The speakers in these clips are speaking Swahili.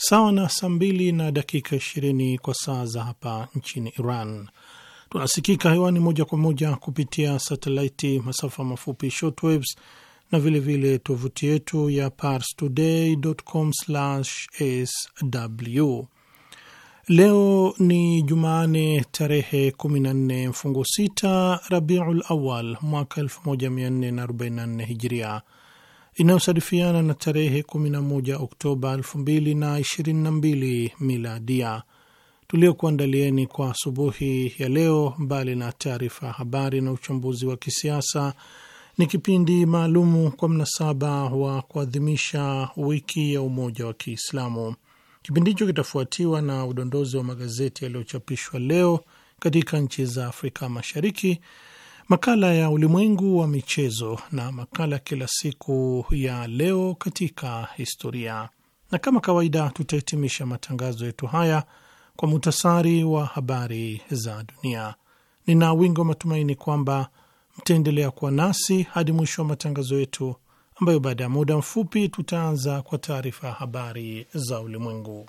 sawa na saa mbili na dakika ishirini kwa saa za hapa nchini Iran. Tunasikika hewani moja kwa moja kupitia satelaiti, masafa mafupi shortwaves na vilevile tovuti yetu ya parstoday.com/sw. Leo ni Jumane tarehe 14 mfungo 6 Rabiul Awal mwaka 1444 Hijria, inayosadifiana na tarehe 11 Oktoba 2022 miladia. Tuliokuandalieni kwa asubuhi ya leo, mbali na taarifa ya habari na uchambuzi wa kisiasa, ni kipindi maalumu kwa mnasaba wa kuadhimisha wiki ya umoja wa Kiislamu. Kipindi hicho kitafuatiwa na udondozi wa magazeti yaliyochapishwa leo katika nchi za Afrika Mashariki makala ya ulimwengu wa michezo na makala kila siku ya leo katika historia, na kama kawaida tutahitimisha matangazo yetu haya kwa muhtasari wa habari za dunia. Nina wingi wa matumaini kwamba mtaendelea kuwa nasi hadi mwisho wa matangazo yetu, ambayo baada ya muda mfupi tutaanza kwa taarifa ya habari za ulimwengu.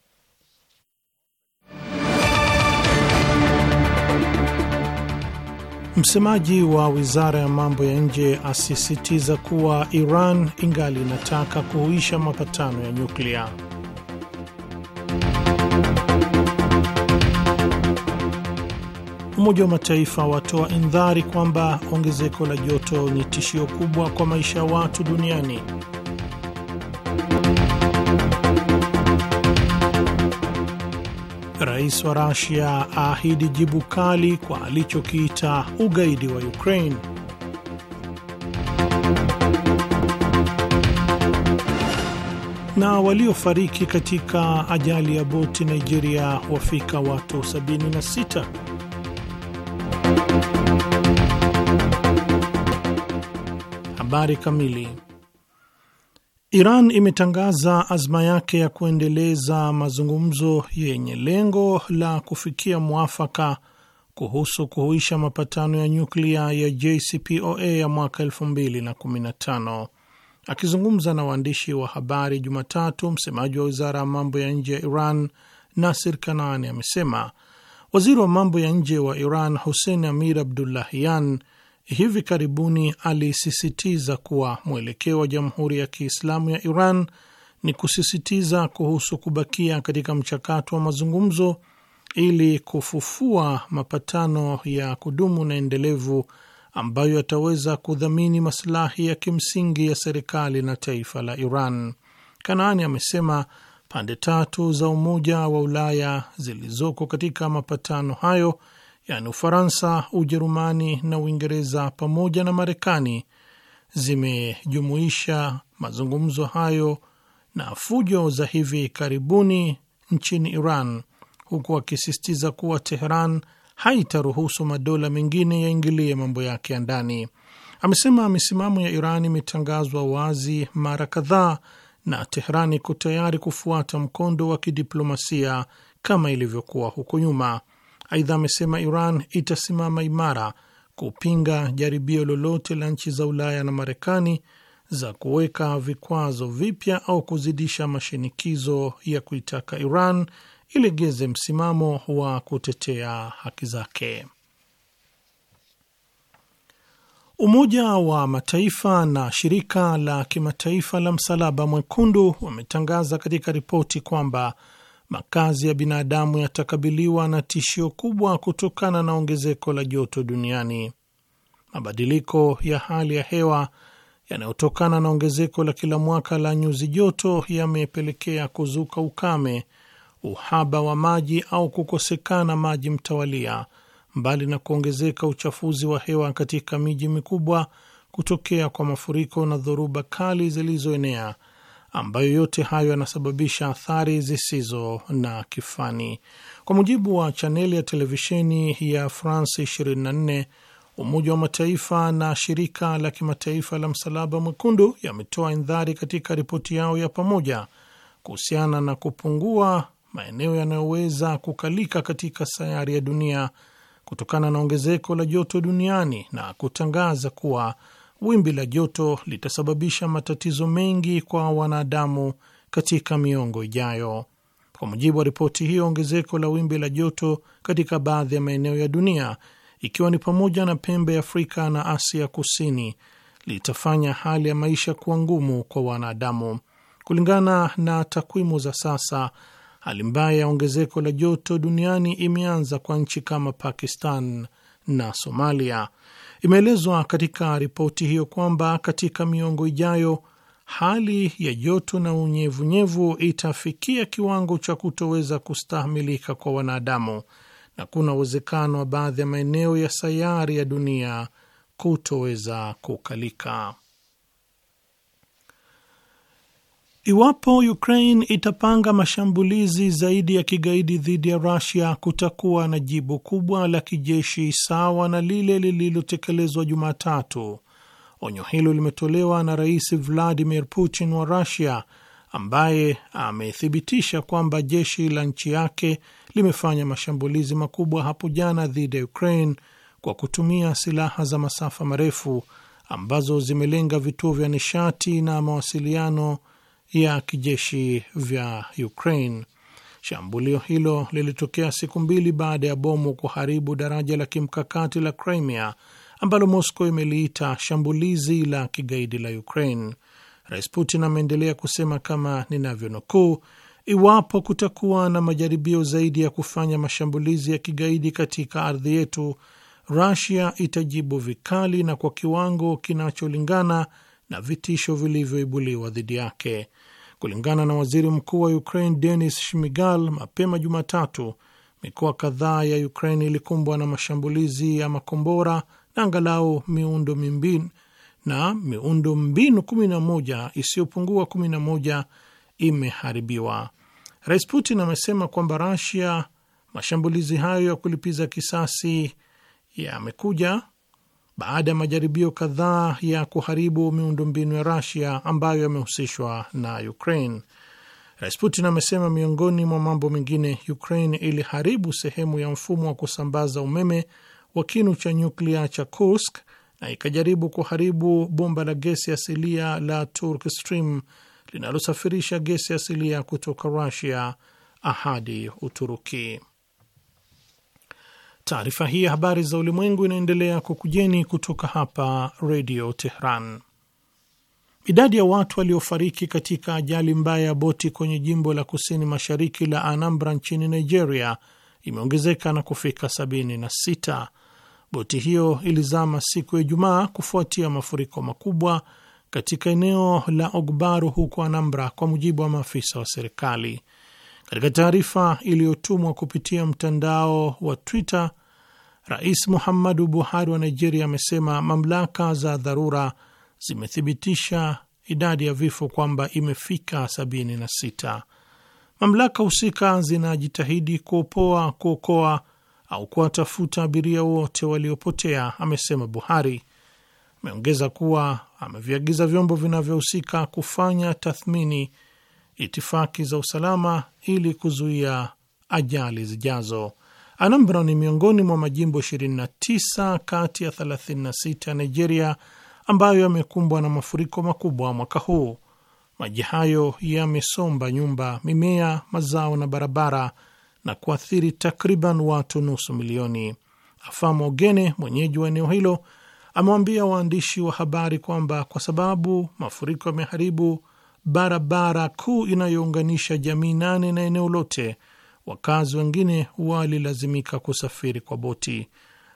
Msemaji wa wizara ya mambo ya nje asisitiza kuwa Iran ingali inataka kuhuisha mapatano ya nyuklia. Umoja wa Mataifa watoa indhari kwamba ongezeko la joto ni tishio kubwa kwa maisha ya watu duniani. Rais wa Rasia aahidi jibu kali kwa alichokiita ugaidi wa Ukraine. Na waliofariki katika ajali ya boti Nigeria wafika watu 76. Habari kamili Iran imetangaza azma yake ya kuendeleza mazungumzo yenye lengo la kufikia mwafaka kuhusu kuhuisha mapatano ya nyuklia ya JCPOA ya mwaka 2015. Akizungumza na waandishi wa habari Jumatatu, msemaji wa wizara ya mambo ya nje ya Iran Nasir Kanaani amesema waziri wa mambo ya nje wa Iran Hussein Amir Abdullahian hivi karibuni alisisitiza kuwa mwelekeo wa Jamhuri ya Kiislamu ya Iran ni kusisitiza kuhusu kubakia katika mchakato wa mazungumzo ili kufufua mapatano ya kudumu na endelevu ambayo yataweza kudhamini masilahi ya kimsingi ya serikali na taifa la Iran. Kanaani amesema pande tatu za Umoja wa Ulaya zilizoko katika mapatano hayo yaani Ufaransa, Ujerumani na Uingereza pamoja na Marekani zimejumuisha mazungumzo hayo na fujo za hivi karibuni nchini Iran, huku akisisitiza kuwa Teheran haitaruhusu madola mengine yaingilie mambo yake ya ndani. Amesema misimamo ya Iran imetangazwa wazi mara kadhaa na Teheran iko tayari kufuata mkondo wa kidiplomasia kama ilivyokuwa huko nyuma. Aidha amesema Iran itasimama imara kupinga jaribio lolote la nchi za Ulaya na Marekani za kuweka vikwazo vipya au kuzidisha mashinikizo ya kuitaka Iran ilegeze msimamo wa kutetea haki zake. Umoja wa Mataifa na shirika la kimataifa la Msalaba Mwekundu wametangaza katika ripoti kwamba makazi ya binadamu yatakabiliwa na tishio kubwa kutokana na ongezeko la joto duniani. Mabadiliko ya hali ya hewa yanayotokana na ongezeko la kila mwaka la nyuzi joto yamepelekea kuzuka ukame, uhaba wa maji au kukosekana maji mtawalia, mbali na kuongezeka uchafuzi wa hewa katika miji mikubwa, kutokea kwa mafuriko na dhoruba kali zilizoenea ambayo yote hayo yanasababisha athari zisizo na kifani. Kwa mujibu wa chaneli ya televisheni ya France 24, Umoja wa Mataifa na shirika la kimataifa la Msalaba Mwekundu yametoa indhari katika ripoti yao ya pamoja kuhusiana na kupungua maeneo yanayoweza kukalika katika sayari ya dunia kutokana na ongezeko la joto duniani na kutangaza kuwa wimbi la joto litasababisha matatizo mengi kwa wanadamu katika miongo ijayo. Kwa mujibu wa ripoti hiyo, ongezeko la wimbi la joto katika baadhi ya maeneo ya dunia ikiwa ni pamoja na pembe ya Afrika na Asia Kusini litafanya hali ya maisha kuwa ngumu kwa wanadamu. Kulingana na takwimu za sasa, hali mbaya ya ongezeko la joto duniani imeanza kwa nchi kama Pakistan na Somalia. Imeelezwa katika ripoti hiyo kwamba katika miongo ijayo hali ya joto na unyevunyevu itafikia kiwango cha kutoweza kustahamilika kwa wanadamu na kuna uwezekano wa baadhi ya maeneo ya sayari ya dunia kutoweza kukalika. Iwapo Ukraine itapanga mashambulizi zaidi ya kigaidi dhidi ya rasia kutakuwa na jibu kubwa la kijeshi sawa na lile lililotekelezwa Jumatatu. Onyo hilo limetolewa na Rais Vladimir Putin wa rusia ambaye amethibitisha kwamba jeshi la nchi yake limefanya mashambulizi makubwa hapo jana dhidi ya Ukraine kwa kutumia silaha za masafa marefu ambazo zimelenga vituo vya nishati na mawasiliano ya kijeshi vya Ukraine. Shambulio hilo lilitokea siku mbili baada ya bomu kuharibu daraja la kimkakati la Crimea ambalo Moscow imeliita shambulizi la kigaidi la Ukraine. Rais Putin ameendelea kusema kama ninavyonukuu, iwapo kutakuwa na majaribio zaidi ya kufanya mashambulizi ya kigaidi katika ardhi yetu, rasia itajibu vikali na kwa kiwango kinacholingana na vitisho vilivyoibuliwa dhidi yake. Kulingana na waziri mkuu wa Ukraine Denis Shmigal, mapema Jumatatu, mikoa kadhaa ya Ukraine ilikumbwa na mashambulizi ya makombora na angalau miundo mimbin na miundo mbinu 11 isiyopungua 11 imeharibiwa. Rais Putin amesema kwamba Rasia mashambulizi hayo ya kulipiza kisasi yamekuja baada ya majaribio kadhaa ya kuharibu miundombinu ya rasia ambayo yamehusishwa na Ukraine. Rais Putin amesema miongoni mwa mambo mengine, Ukraine iliharibu sehemu ya mfumo wa kusambaza umeme wa kinu cha nyuklia cha Kursk na ikajaribu kuharibu bomba la gesi asilia la Turk Stream linalosafirisha gesi asilia kutoka rusia ahadi Uturuki. Taarifa hii ya habari za ulimwengu inaendelea kukujeni kutoka hapa Redio Tehran. Idadi ya watu waliofariki katika ajali mbaya ya boti kwenye jimbo la kusini mashariki la Anambra nchini Nigeria imeongezeka na kufika 76. Boti hiyo ilizama siku ya Ijumaa kufuatia mafuriko makubwa katika eneo la Ogbaru huko Anambra, kwa mujibu wa maafisa wa serikali. Katika taarifa iliyotumwa kupitia mtandao wa Twitter, Rais Muhammadu Buhari wa Nigeria amesema mamlaka za dharura zimethibitisha idadi ya vifo kwamba imefika 76. Mamlaka husika zinajitahidi kuopoa, kuokoa au kuwatafuta abiria wote waliopotea, amesema Buhari. Ameongeza kuwa ameviagiza vyombo vinavyohusika kufanya tathmini itifaki za usalama ili kuzuia ajali zijazo. Anambra ni miongoni mwa majimbo 29 kati ya 36 ya Nigeria ambayo yamekumbwa na mafuriko makubwa mwaka huu. Maji hayo yamesomba nyumba, mimea, mazao na barabara na kuathiri takriban watu nusu milioni. Afama Ogene, mwenyeji wa eneo hilo, amewaambia waandishi wa habari kwamba kwa sababu mafuriko yameharibu barabara kuu inayounganisha jamii nane na eneo lote wakazi wengine walilazimika kusafiri kwa boti.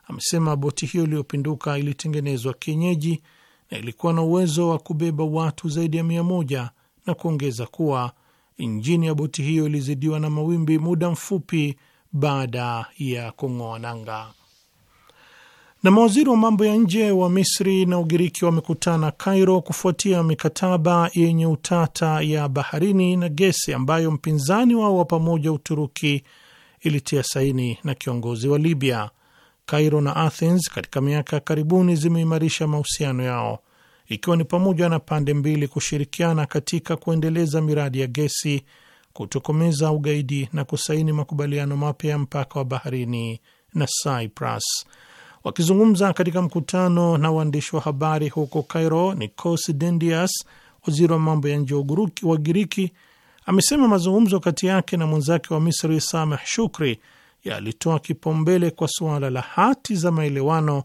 Amesema boti hiyo iliyopinduka ilitengenezwa kienyeji na ilikuwa na uwezo wa kubeba watu zaidi ya mia moja na kuongeza kuwa injini ya boti hiyo ilizidiwa na mawimbi muda mfupi baada ya kung'oa nanga. Na mawaziri wa mambo ya nje wa Misri na Ugiriki wamekutana cairo kufuatia mikataba yenye utata ya baharini na gesi ambayo mpinzani wao wa pamoja Uturuki ilitia saini na kiongozi wa Libya. cairo na Athens katika miaka ya karibuni zimeimarisha mahusiano yao ikiwa ni pamoja na pande mbili kushirikiana katika kuendeleza miradi ya gesi, kutokomeza ugaidi na kusaini makubaliano mapya ya mpaka wa baharini na Cyprus. Wakizungumza katika mkutano na waandishi wa habari huko Cairo, Nikos Dendias, waziri wa mambo ya nje wa giriki amesema mazungumzo kati yake na mwenzake wa Misri Sameh Shukri yalitoa kipaumbele kwa suala la hati za maelewano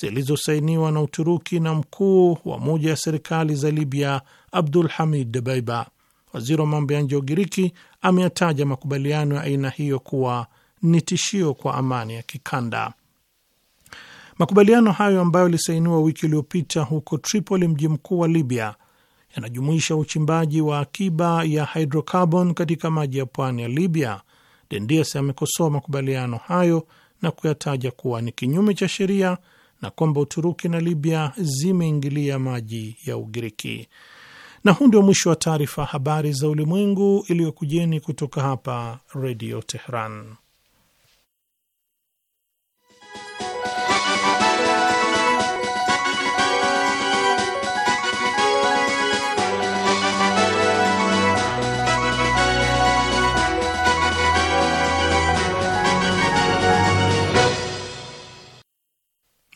zilizosainiwa na Uturuki na mkuu wa moja ya serikali za Libya Abdul Hamid baiba Waziri wa mambo ya nje wa Ugiriki ameyataja makubaliano ya aina hiyo kuwa ni tishio kwa amani ya kikanda. Makubaliano hayo ambayo yalisainiwa wiki iliyopita huko Tripoli, mji mkuu wa Libya, yanajumuisha uchimbaji wa akiba ya hydrocarbon katika maji ya pwani ya Libya. Dendias amekosoa makubaliano hayo na kuyataja kuwa ni kinyume cha sheria na kwamba Uturuki na Libya zimeingilia maji ya Ugiriki. Na huu ndio mwisho wa taarifa habari za ulimwengu iliyokujeni kutoka hapa Redio Tehran.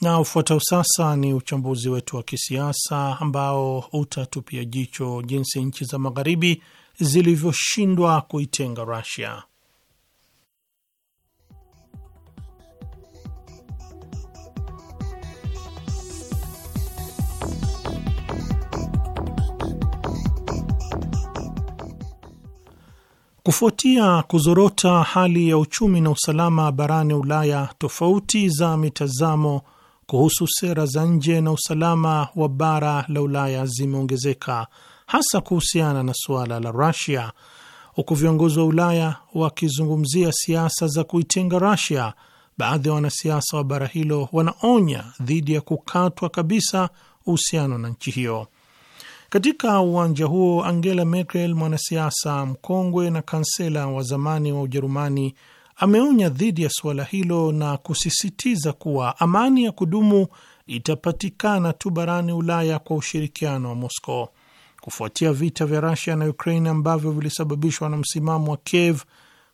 Na ufuatao sasa ni uchambuzi wetu wa kisiasa ambao utatupia jicho jinsi nchi za magharibi zilivyoshindwa kuitenga Russia. Kufuatia kuzorota hali ya uchumi na usalama barani Ulaya, tofauti za mitazamo kuhusu sera za nje na usalama wa bara la Ulaya zimeongezeka hasa kuhusiana na suala la Rusia, huku viongozi wa Ulaya wakizungumzia siasa za kuitenga Rusia. Baadhi ya wanasiasa wa bara hilo wanaonya dhidi ya kukatwa kabisa uhusiano na nchi hiyo. Katika uwanja huo, Angela Merkel, mwanasiasa mkongwe na kansela wa zamani wa Ujerumani, ameonya dhidi ya suala hilo na kusisitiza kuwa amani ya kudumu itapatikana tu barani Ulaya kwa ushirikiano wa Moscow. Kufuatia vita vya Rusia na Ukraine ambavyo vilisababishwa na msimamo wa Kiev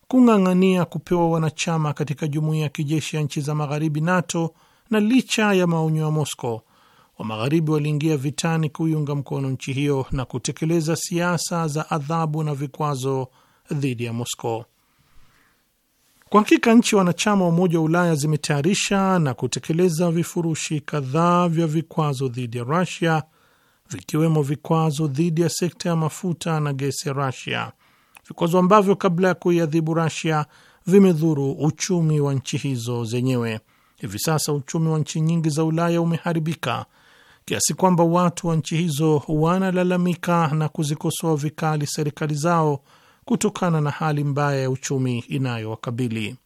kung'ang'ania kupewa wanachama katika jumuiya ya kijeshi ya nchi za magharibi NATO, na licha ya maonyo ya Moscow, wa magharibi waliingia vitani kuiunga mkono nchi hiyo na kutekeleza siasa za adhabu na vikwazo dhidi ya Moscow. Kwa hakika nchi wanachama wa Umoja wa Ulaya zimetayarisha na kutekeleza vifurushi kadhaa vya vikwazo dhidi ya Rusia, vikiwemo vikwazo dhidi ya sekta ya mafuta na gesi ya Rusia, vikwazo ambavyo kabla ya kuiadhibu Rusia vimedhuru uchumi wa nchi hizo zenyewe. Hivi sasa uchumi wa nchi nyingi za Ulaya umeharibika kiasi kwamba watu wa nchi hizo wanalalamika na kuzikosoa vikali serikali zao kutokana na hali mbaya ya uchumi inayowakabili.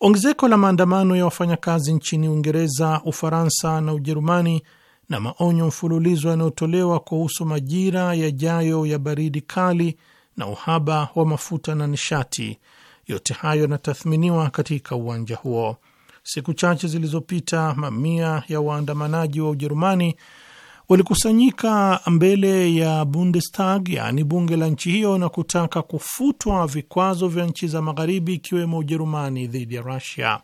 Ongezeko la maandamano ya wafanyakazi nchini Uingereza, Ufaransa na Ujerumani na maonyo mfululizo yanayotolewa kuhusu majira yajayo ya baridi kali na uhaba wa mafuta na nishati, yote hayo yanatathminiwa katika uwanja huo. Siku chache zilizopita, mamia ya waandamanaji wa Ujerumani walikusanyika mbele ya Bundestag, yaani bunge la nchi hiyo, na kutaka kufutwa vikwazo vya nchi za magharibi ikiwemo Ujerumani dhidi ya Rusia.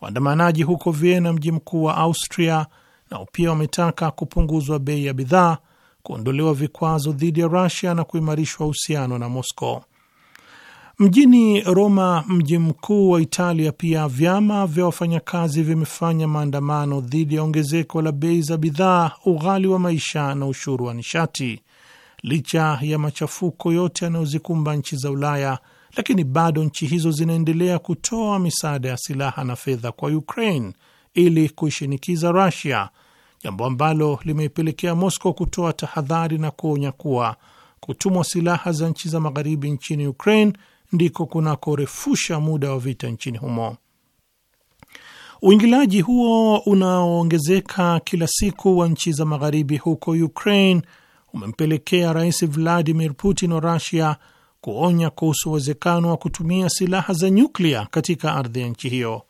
Waandamanaji huko Vienna, mji mkuu wa Austria, nao pia wametaka kupunguzwa bei ya bidhaa, kuondolewa vikwazo dhidi ya Rusia na kuimarishwa uhusiano na Moscow. Mjini Roma, mji mkuu wa Italia, pia vyama vya wafanyakazi vimefanya maandamano dhidi ya ongezeko la bei za bidhaa, ughali wa maisha na ushuru wa nishati. Licha ya machafuko yote yanayozikumba nchi za Ulaya, lakini bado nchi hizo zinaendelea kutoa misaada ya silaha na fedha kwa Ukraine ili kuishinikiza rasia jambo ambalo limeipelekea Moscow kutoa tahadhari na kuonya kuwa kutumwa silaha za nchi za magharibi nchini Ukraine ndiko kunakorefusha muda wa vita nchini humo. uingilaji huo unaoongezeka kila siku wa nchi za magharibi huko Ukraine umempelekea Rais Vladimir Putin wa rasia kuonya kuhusu uwezekano wa kutumia silaha za nyuklia katika ardhi ya nchi hiyo.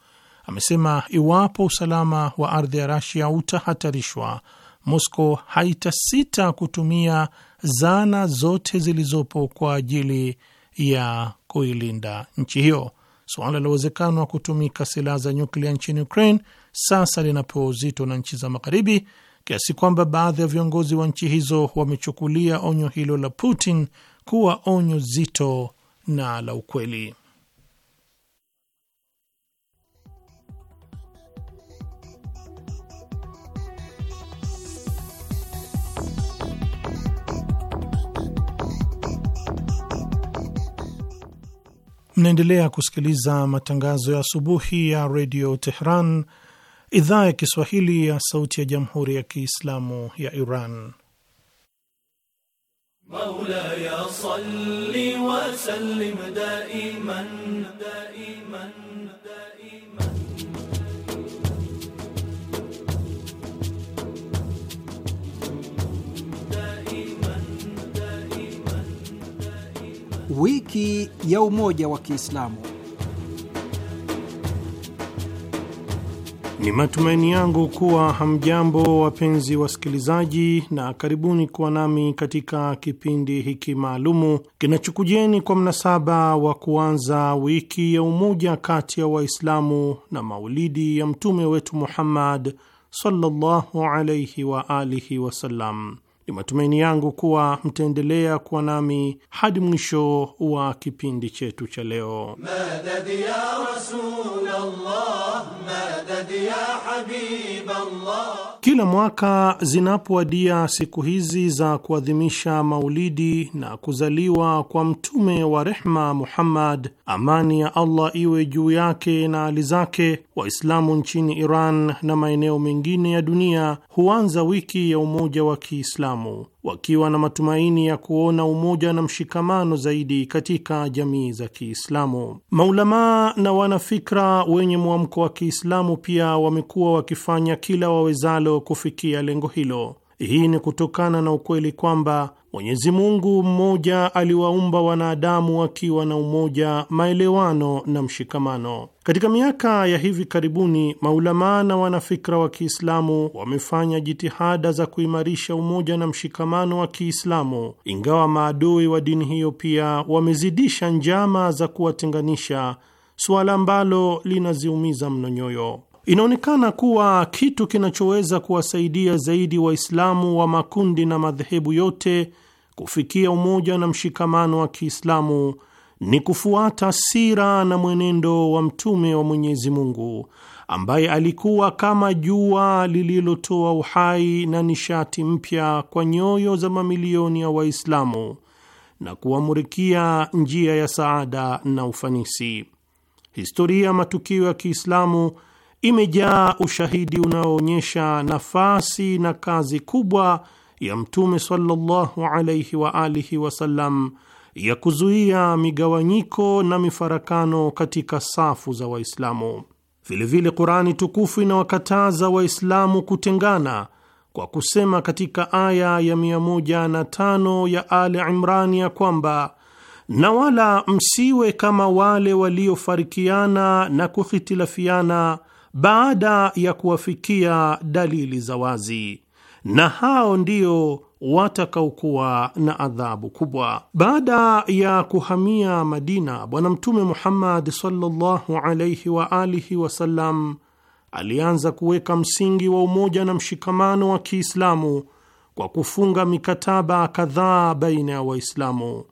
Amesema iwapo usalama wa ardhi ya rasia utahatarishwa, Moscow haitasita kutumia zana zote zilizopo kwa ajili ya kuilinda nchi hiyo. Suala la uwezekano wa kutumika silaha za nyuklia nchini Ukraine sasa linapewa uzito na nchi za Magharibi kiasi kwamba baadhi ya viongozi wa nchi hizo wamechukulia onyo hilo la Putin kuwa onyo zito na la ukweli. Mnaendelea kusikiliza matangazo ya asubuhi ya redio Tehran, idhaa ya Kiswahili ya sauti ya jamhuri ya Kiislamu ya Iran. salli wa sallim daiman, daiman. wiki ya umoja wa Kiislamu. Ni matumaini yangu kuwa hamjambo wapenzi wasikilizaji, na karibuni kuwa nami katika kipindi hiki maalumu kinachokujieni kwa mnasaba wa kuanza wiki ya umoja kati ya Waislamu na maulidi ya mtume wetu Muhammad sallallahu alaihi wa alihi wasallam. Ni matumaini yangu kuwa mtaendelea kuwa nami hadi mwisho wa kipindi chetu cha leo. Kila mwaka zinapoadia siku hizi za kuadhimisha maulidi na kuzaliwa kwa mtume wa rehma Muhammad, amani ya Allah iwe juu yake na ali zake, Waislamu nchini Iran na maeneo mengine ya dunia huanza wiki ya umoja wa Kiislamu wakiwa na matumaini ya kuona umoja na mshikamano zaidi katika jamii za Kiislamu. Maulamaa na wanafikra wenye mwamko wa Kiislamu pia wamekuwa wakifanya kila wawezalo kufikia lengo hilo. Hii ni kutokana na ukweli kwamba Mwenyezi Mungu mmoja aliwaumba wanadamu wakiwa na umoja, maelewano na mshikamano. Katika miaka ya hivi karibuni, maulamaa na wanafikra wa Kiislamu wamefanya jitihada za kuimarisha umoja na mshikamano wa Kiislamu, ingawa maadui wa dini hiyo pia wamezidisha njama za kuwatenganisha, suala ambalo linaziumiza mno nyoyo. Inaonekana kuwa kitu kinachoweza kuwasaidia zaidi Waislamu wa makundi na madhehebu yote kufikia umoja na mshikamano wa Kiislamu ni kufuata sira na mwenendo wa Mtume wa Mwenyezi Mungu ambaye alikuwa kama jua lililotoa uhai na nishati mpya kwa nyoyo za mamilioni ya Waislamu na kuwamurikia njia ya saada na ufanisi. Historia ya matukio ya Kiislamu imejaa ushahidi unaoonyesha nafasi na kazi kubwa ya Mtume sallallahu alaihi wa alihi wasallam ya kuzuia migawanyiko na mifarakano katika safu za Waislamu. Vilevile, Qurani tukufu inawakataza Waislamu kutengana kwa kusema katika aya ya 105 ya Ali Imrani ya kwamba na wala msiwe kama wale waliofarikiana na kuhitilafiana baada ya kuwafikia dalili za wazi, na hao ndio watakaokuwa na adhabu kubwa. Baada ya kuhamia Madina, Bwana Mtume Muhammad sallallahu alaihi wa alihi wasallam alianza kuweka msingi wa umoja na mshikamano wa Kiislamu kwa kufunga mikataba kadhaa baina ya Waislamu.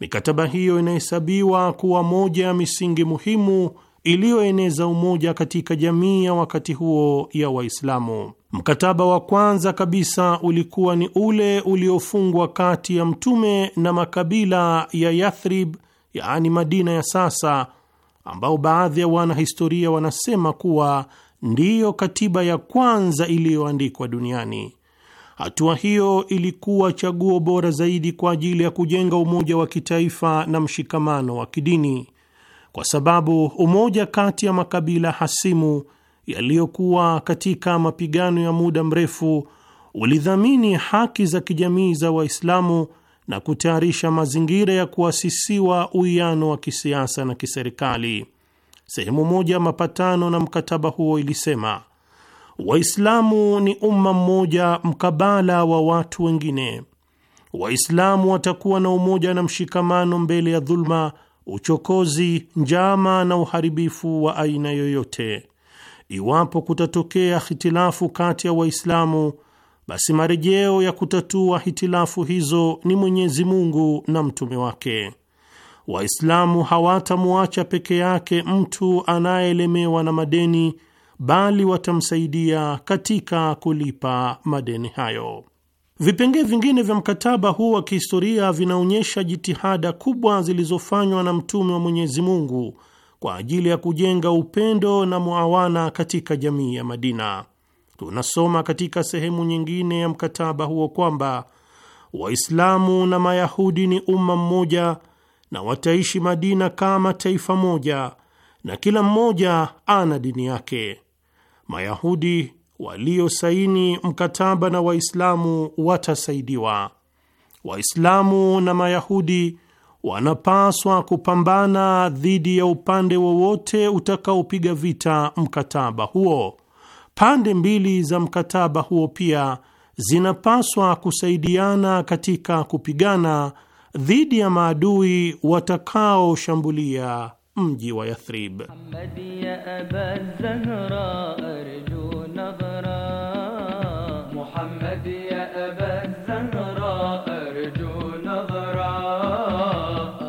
Mikataba hiyo inahesabiwa kuwa moja ya misingi muhimu iliyoeneza umoja katika jamii ya wakati huo ya Waislamu. Mkataba wa kwanza kabisa ulikuwa ni ule uliofungwa kati ya Mtume na makabila ya Yathrib, yaani Madina ya sasa, ambao baadhi ya wanahistoria wanasema kuwa ndiyo katiba ya kwanza iliyoandikwa duniani. Hatua hiyo ilikuwa chaguo bora zaidi kwa ajili ya kujenga umoja wa kitaifa na mshikamano wa kidini kwa sababu umoja kati ya makabila hasimu yaliyokuwa katika mapigano ya muda mrefu ulidhamini haki za kijamii za Waislamu na kutayarisha mazingira ya kuasisiwa uwiano wa kisiasa na kiserikali. Sehemu moja ya mapatano na mkataba huo ilisema, Waislamu ni umma mmoja mkabala wa watu wengine. Waislamu watakuwa na umoja na mshikamano mbele ya dhuluma uchokozi, njama na uharibifu wa aina yoyote. Iwapo kutatokea hitilafu kati ya Waislamu, basi marejeo ya kutatua hitilafu hizo ni Mwenyezi Mungu na mtume wake. Waislamu hawatamwacha peke yake mtu anayeelemewa na madeni, bali watamsaidia katika kulipa madeni hayo. Vipengee vingine vya mkataba huu wa kihistoria vinaonyesha jitihada kubwa zilizofanywa na mtume wa Mwenyezi Mungu kwa ajili ya kujenga upendo na muawana katika jamii ya Madina. Tunasoma katika sehemu nyingine ya mkataba huo kwamba Waislamu na Mayahudi ni umma mmoja na wataishi Madina kama taifa moja, na kila mmoja ana dini yake. Mayahudi waliosaini mkataba na Waislamu watasaidiwa. Waislamu na Mayahudi wanapaswa kupambana dhidi ya upande wowote utakaopiga vita mkataba huo. Pande mbili za mkataba huo pia zinapaswa kusaidiana katika kupigana dhidi ya maadui watakaoshambulia mji wa Yathrib. نظرة محمد يا أبا الزهراء أرجو نظرة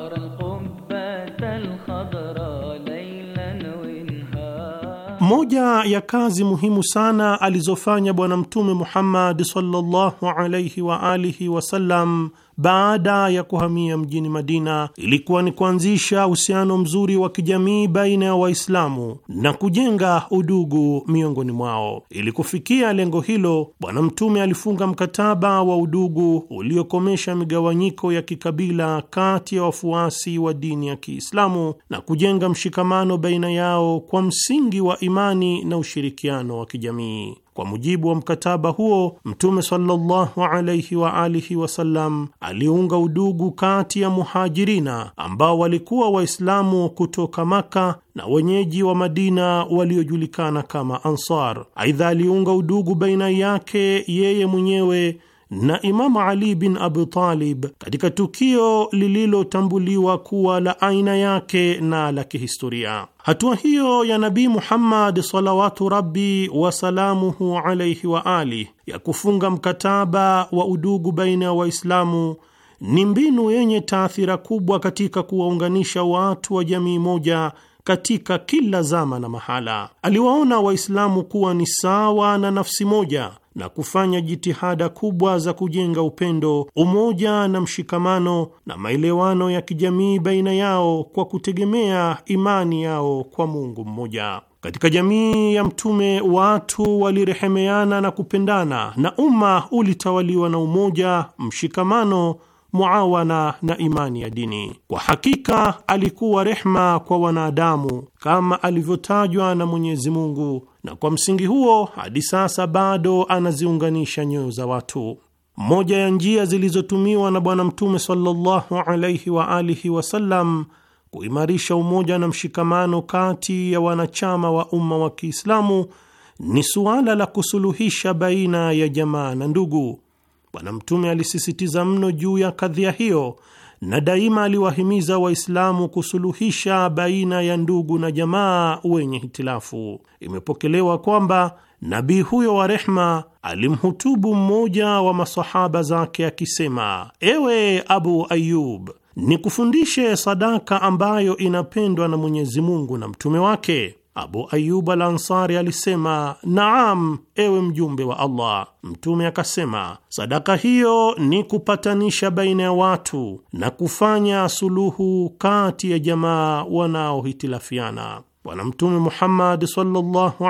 أرى القبة الخضراء ليلا ونهارا. Moja ya kazi muhimu sana alizofanya Bwana Mtume Muhammad sallallahu alayhi wa alihi wasallam baada ya kuhamia mjini Madina ilikuwa ni kuanzisha uhusiano mzuri wa kijamii baina ya Waislamu na kujenga udugu miongoni mwao. Ili kufikia lengo hilo, Bwana Mtume alifunga mkataba wa udugu uliokomesha migawanyiko ya kikabila kati ya wafuasi wa dini ya Kiislamu na kujenga mshikamano baina yao kwa msingi wa imani na ushirikiano wa kijamii. Kwa mujibu wa mkataba huo, Mtume sallallahu alayhi wa alihi wasallam aliunga udugu kati ya Muhajirina ambao walikuwa Waislamu kutoka Maka na wenyeji wa Madina waliojulikana kama Ansar. Aidha, aliunga udugu baina yake yeye mwenyewe na Imamu Ali bin Abi Talib katika tukio lililotambuliwa kuwa la aina yake na la kihistoria. Hatua hiyo ya nabi Muhammad salawatu rabbi wasalamuhu alaihi wa ali ya kufunga mkataba wa udugu baina ya Waislamu ni mbinu yenye taathira kubwa katika kuwaunganisha watu wa jamii moja katika kila zama na mahala. Aliwaona Waislamu kuwa ni sawa na nafsi moja na kufanya jitihada kubwa za kujenga upendo, umoja na mshikamano na maelewano ya kijamii baina yao kwa kutegemea imani yao kwa Mungu mmoja. Katika jamii ya Mtume watu walirehemeana na kupendana, na umma ulitawaliwa na umoja, mshikamano muawana na imani ya dini. Kwa hakika alikuwa rehma kwa wanadamu kama alivyotajwa na Mwenyezi Mungu, na kwa msingi huo hadi sasa bado anaziunganisha nyoyo za watu. Moja ya njia zilizotumiwa na Bwana Mtume sallallahu alaihi wa alihi wasallam kuimarisha umoja na mshikamano kati ya wanachama wa umma wa Kiislamu ni suala la kusuluhisha baina ya jamaa na ndugu. Bwana Mtume alisisitiza mno juu ya kadhia hiyo na daima aliwahimiza Waislamu kusuluhisha baina ya ndugu na jamaa wenye hitilafu. Imepokelewa kwamba nabii huyo wa rehma alimhutubu mmoja wa masahaba zake akisema, ewe Abu Ayub, nikufundishe sadaka ambayo inapendwa na Mwenyezi Mungu na mtume wake. Abu Ayub al Ansari alisema, naam, ewe mjumbe wa Allah. Mtume akasema, sadaka hiyo ni kupatanisha baina ya watu na kufanya suluhu kati ya jamaa wanaohitilafiana. Bwana Mtume Muhammad sallallahu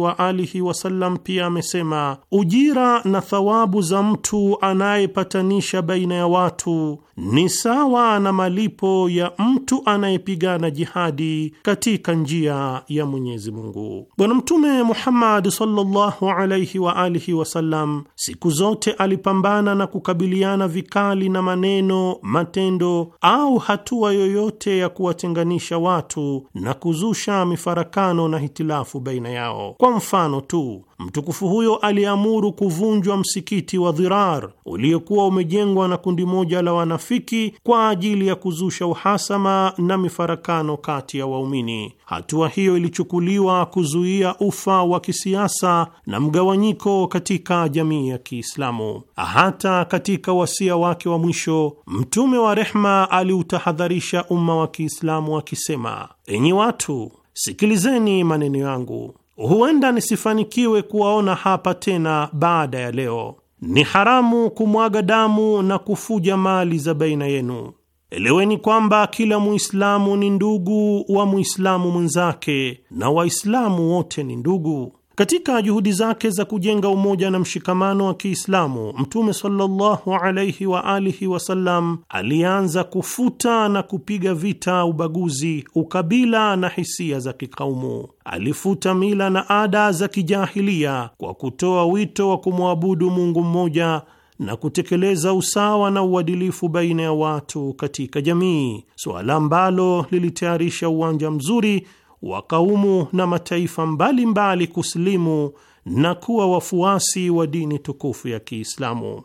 wa alihi wasallam pia amesema, ujira na thawabu za mtu anayepatanisha baina ya watu ni sawa na malipo ya mtu anayepigana jihadi katika njia ya Mwenyezi Mungu. Bwana Mtume Muhammad sallallahu wa alihi wasallam siku zote alipambana na kukabiliana vikali na maneno, matendo au hatua yoyote ya kuwatenganisha watu na kuzusha kukataa mifarakano na hitilafu baina yao. Kwa mfano tu, mtukufu huyo aliamuru kuvunjwa msikiti wa Dhirar uliokuwa umejengwa na kundi moja la wanafiki kwa ajili ya kuzusha uhasama na mifarakano kati ya waumini. Hatua hiyo ilichukuliwa kuzuia ufa wa kisiasa na mgawanyiko katika jamii ya Kiislamu. Hata katika wasia wake wa mwisho, mtume wa rehma aliutahadharisha umma wa Kiislamu akisema: enyi watu Sikilizeni maneno yangu, huenda nisifanikiwe kuwaona hapa tena baada ya leo. Ni haramu kumwaga damu na kufuja mali za baina yenu. Eleweni kwamba kila Muislamu ni ndugu wa Muislamu mwenzake na Waislamu wote ni ndugu. Katika juhudi zake za kujenga umoja na mshikamano wa Kiislamu, Mtume sallallahu alaihi wa alihi wasallam alianza kufuta na kupiga vita ubaguzi, ukabila na hisia za kikaumu. Alifuta mila na ada za kijahilia kwa kutoa wito wa kumwabudu Mungu mmoja na kutekeleza usawa na uadilifu baina ya watu katika jamii, suala ambalo lilitayarisha uwanja mzuri wa kaumu na mataifa mbalimbali mbali kusilimu na kuwa wafuasi wa dini tukufu ya Kiislamu.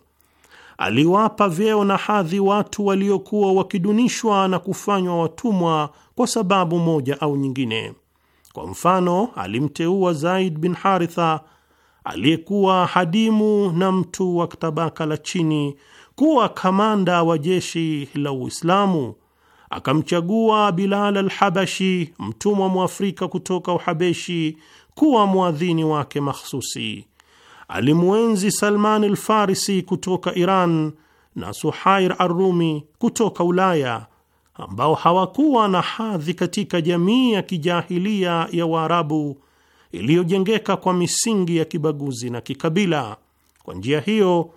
Aliwapa vyeo na hadhi watu waliokuwa wakidunishwa na kufanywa watumwa kwa sababu moja au nyingine. Kwa mfano, alimteua Zaid bin Haritha aliyekuwa hadimu na mtu wa tabaka la chini kuwa kamanda wa jeshi la Uislamu akamchagua Bilal al-Habashi, mtumwa Mwafrika kutoka Uhabeshi, kuwa mwadhini wake mahsusi. Alimwenzi Salman al-Farisi kutoka Iran na Suhair Arrumi kutoka Ulaya, ambao hawakuwa na hadhi katika jamii ya kijahilia ya Waarabu iliyojengeka kwa misingi ya kibaguzi na kikabila. Kwa njia hiyo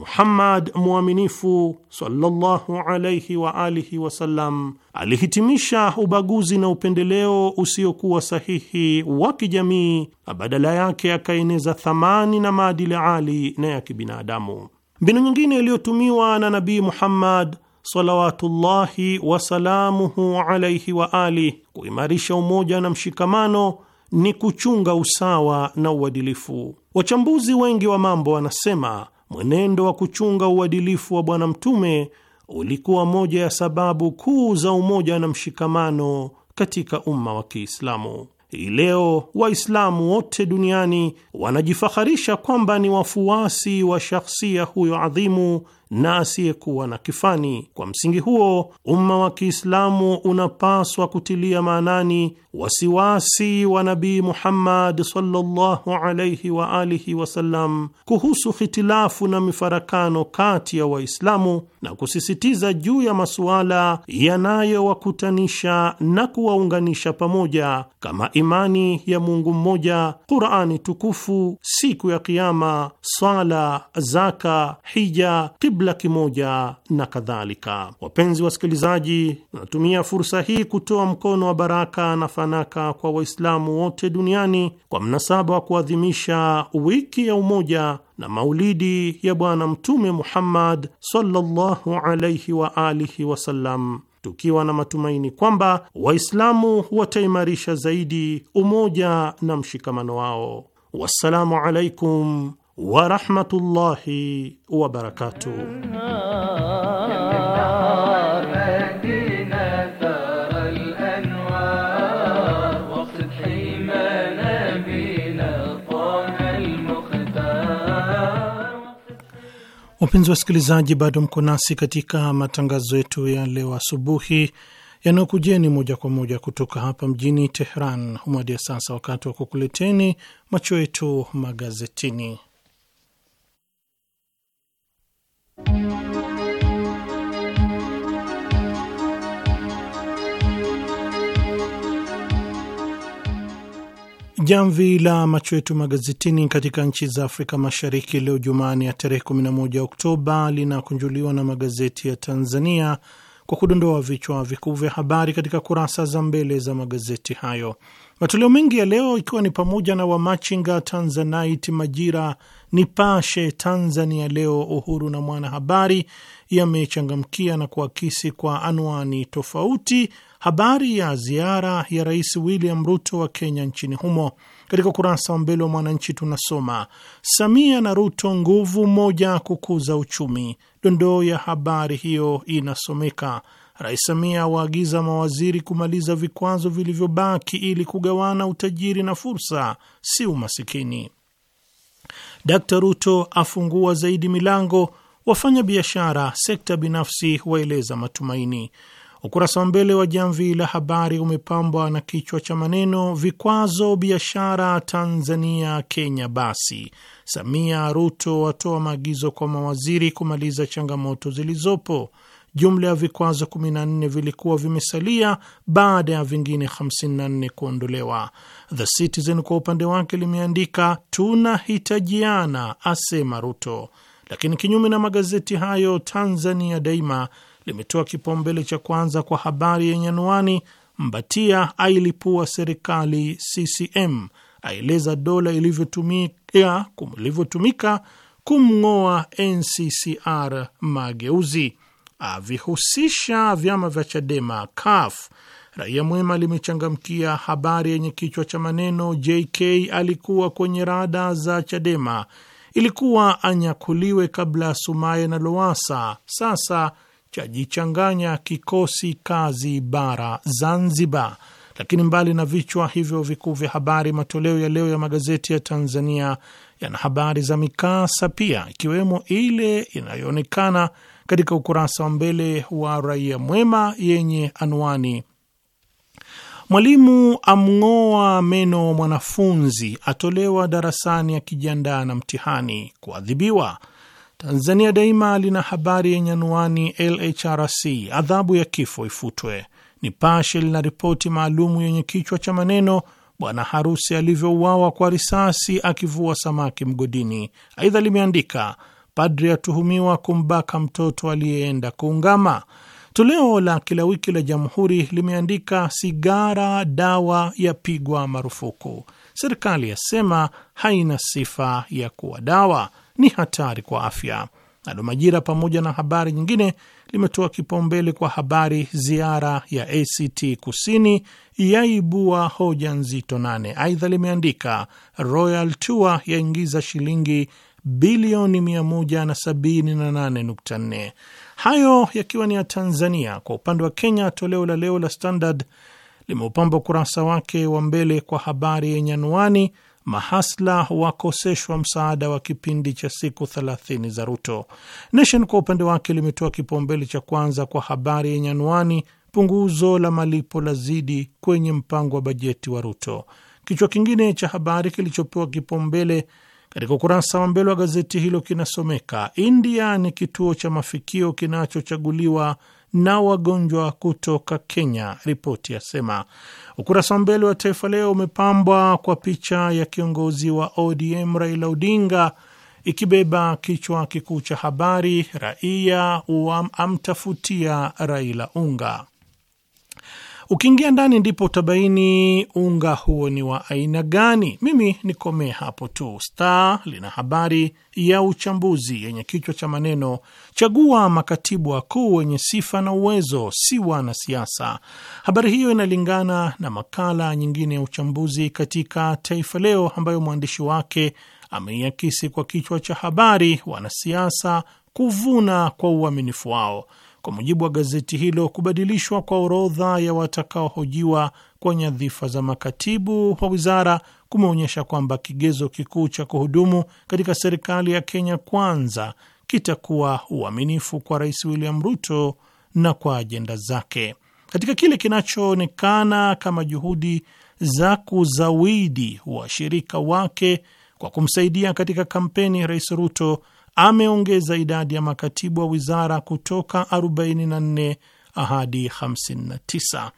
Muhammad mwaminifu sallallahu alayhi wa alihi wasallam alihitimisha ubaguzi na upendeleo usiokuwa sahihi wa kijamii na badala yake akaeneza thamani na maadili ali na ya kibinadamu. Mbinu nyingine iliyotumiwa na Nabii Muhammad salawatullahi wasalamuhu alayhi wa ali kuimarisha umoja na mshikamano ni kuchunga usawa na uadilifu. Wachambuzi wengi wa mambo wanasema mwenendo wa kuchunga uadilifu wa Bwana Mtume ulikuwa moja ya sababu kuu za umoja na mshikamano katika umma wa Kiislamu. Hii leo Waislamu wote duniani wanajifaharisha kwamba ni wafuasi wa shakhsia huyo adhimu na asiyekuwa na kifani. Kwa msingi huo, umma wa Kiislamu unapaswa kutilia maanani wasiwasi wa Nabii Muhammad sallallahu alayhi wa alihi wasallam kuhusu hitilafu na mifarakano kati ya Waislamu na kusisitiza juu ya masuala yanayowakutanisha na kuwaunganisha pamoja kama imani ya Mungu mmoja, Qur'ani tukufu, siku ya Kiyama, sala, zaka, hija, kibla kimoja na kadhalika. Wapenzi wasikilizaji, natumia fursa hii kutoa mkono wa baraka na fanaka kwa Waislamu wote duniani kwa mnasaba wa kuadhimisha wiki ya umoja na maulidi ya Bwana Mtume Muhammad sallallahu alaihi wa alihi wasallam tukiwa na matumaini kwamba Waislamu wataimarisha zaidi umoja na mshikamano wao. Wassalamu alaikum wa rahmatullahi wa barakatuh. Wapenzi wasikilizaji, bado mko nasi katika matangazo yetu ya leo asubuhi yanayokujeni moja kwa moja kutoka hapa mjini Tehran. Humwadia sasa wakati wa kukuleteni macho yetu magazetini. Jamvi la macho yetu magazetini katika nchi za Afrika Mashariki leo jumani ya tarehe 11 Oktoba linakunjuliwa na magazeti ya Tanzania kwa kudondoa vichwa vikuu vya habari katika kurasa za mbele za magazeti hayo. Matoleo mengi ya leo ikiwa ni pamoja na Wamachinga, Tanzanite, Majira, Nipashe, Tanzania Leo, Uhuru na Mwanahabari yamechangamkia na kuakisi kwa anwani tofauti habari ya ziara ya Rais William Ruto wa Kenya nchini humo. Katika ukurasa wa mbele wa Mwananchi tunasoma Samia na Ruto nguvu moja kukuza uchumi. Dondoo ya habari hiyo inasomeka Rais Samia awaagiza mawaziri kumaliza vikwazo vilivyobaki ili kugawana utajiri na fursa, si umasikini. Dkt Ruto afungua zaidi milango, wafanya biashara, sekta binafsi waeleza matumaini. Ukurasa wa mbele wa Jamvi la Habari umepambwa na kichwa cha maneno vikwazo biashara Tanzania Kenya. Basi Samia Ruto watoa maagizo kwa mawaziri kumaliza changamoto zilizopo jumla ya vikwazo 14 vilikuwa vimesalia baada ya vingine 54 kuondolewa. The Citizen kwa upande wake limeandika tunahitajiana, asema Ruto. Lakini kinyume na magazeti hayo, Tanzania Daima limetoa kipaumbele cha kwanza kwa habari yenye anwani Mbatia ailipua serikali CCM, aeleza dola ilivyotumika kumng'oa NCCR mageuzi avihusisha vyama vya Chadema CUF. Raia Mwema limechangamkia habari yenye kichwa cha maneno JK alikuwa kwenye rada za Chadema, ilikuwa anyakuliwe kabla Sumaye na Lowasa, sasa chajichanganya kikosi kazi bara Zanzibar. Lakini mbali na vichwa hivyo vikuu vya habari, matoleo ya leo ya magazeti ya Tanzania yana habari za mikasa pia, ikiwemo ile inayoonekana katika ukurasa wa mbele wa Raia Mwema yenye anwani Mwalimu amng'oa meno mwanafunzi atolewa darasani akijiandaa na mtihani kuadhibiwa. Tanzania Daima lina habari yenye anwani LHRC adhabu ya kifo ifutwe. Nipashe lina ripoti maalumu yenye kichwa cha maneno bwana harusi alivyouawa kwa risasi akivua samaki mgodini. Aidha limeandika padri atuhumiwa kumbaka mtoto aliyeenda kuungama. Toleo la kila wiki la Jamhuri limeandika sigara dawa yapigwa marufuku, serikali yasema haina sifa ya kuwa dawa, ni hatari kwa afya. Nalo Majira pamoja na habari nyingine limetoa kipaumbele kwa habari ziara ya ACT Kusini yaibua hoja nzito nane. Aidha limeandika Royal Tour yaingiza shilingi bilioni 178.4. Hayo yakiwa ni ya Tanzania. Kwa upande wa Kenya, toleo la leo la Standard limeupamba ukurasa wake wa mbele kwa habari yenye anwani mahasla wakoseshwa msaada wa kipindi cha siku 30 za Ruto. Nation kwa upande wake limetoa kipaumbele cha kwanza kwa habari yenye anwani punguzo la malipo la zidi kwenye mpango wa bajeti wa Ruto. Kichwa kingine cha habari kilichopewa kipaumbele katika ukurasa wa mbele wa gazeti hilo kinasomeka, India ni kituo cha mafikio kinachochaguliwa na wagonjwa kutoka Kenya, ripoti yasema. Ukurasa wa mbele wa Taifa Leo umepambwa kwa picha ya kiongozi wa ODM Raila Odinga ikibeba kichwa kikuu cha habari, raia amtafutia Raila unga. Ukiingia ndani ndipo utabaini unga huo ni wa aina gani. Mimi nikomee hapo tu. Star lina habari ya uchambuzi yenye kichwa cha maneno chagua makatibu wakuu wenye sifa na uwezo, si wanasiasa. Habari hiyo inalingana na makala nyingine ya uchambuzi katika Taifa Leo ambayo mwandishi wake ameiakisi kwa kichwa cha habari wanasiasa kuvuna kwa uaminifu wao kwa mujibu wa gazeti hilo, kubadilishwa kwa orodha ya watakaohojiwa kwa nyadhifa za makatibu wa wizara kumeonyesha kwamba kigezo kikuu cha kuhudumu katika serikali ya Kenya kwanza kitakuwa uaminifu kwa Rais William Ruto na kwa ajenda zake. Katika kile kinachoonekana kama juhudi za kuzawidi washirika wake kwa kumsaidia katika kampeni, Rais Ruto ameongeza idadi ya makatibu wa wizara kutoka 44 hadi 59.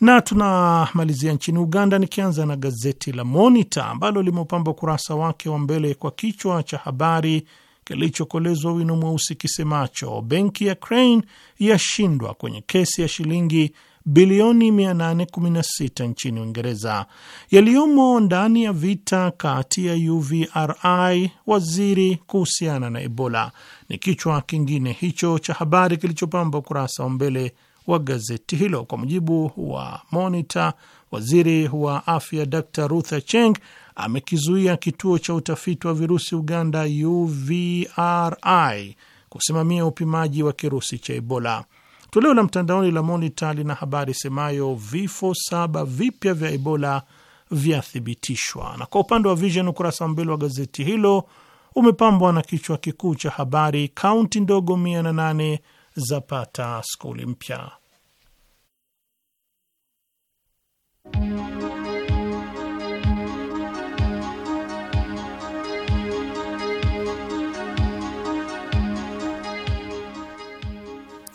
Na tunamalizia nchini Uganda, nikianza na gazeti la Monita ambalo limeupamba ukurasa wake wa mbele kwa kichwa cha habari kilichokolezwa wino mweusi kisemacho benki ya Crane yashindwa kwenye kesi ya shilingi bilioni 816 nchini Uingereza yaliyomo ndani ya vita kati ya UVRI waziri kuhusiana na Ebola ni kichwa kingine hicho cha habari kilichopamba ukurasa wa mbele wa gazeti hilo. Kwa mujibu wa Monitor, waziri wa afya Dr Ruth cheng amekizuia kituo cha utafiti wa virusi Uganda UVRI kusimamia upimaji wa kirusi cha Ebola. Toleo la mtandaoni la Monitor lina habari semayo vifo saba vipya vya Ebola vyathibitishwa, na kwa upande wa Vision, ukurasa wa mbele wa gazeti hilo umepambwa na kichwa kikuu cha habari, kaunti ndogo 108 zapata skuli mpya.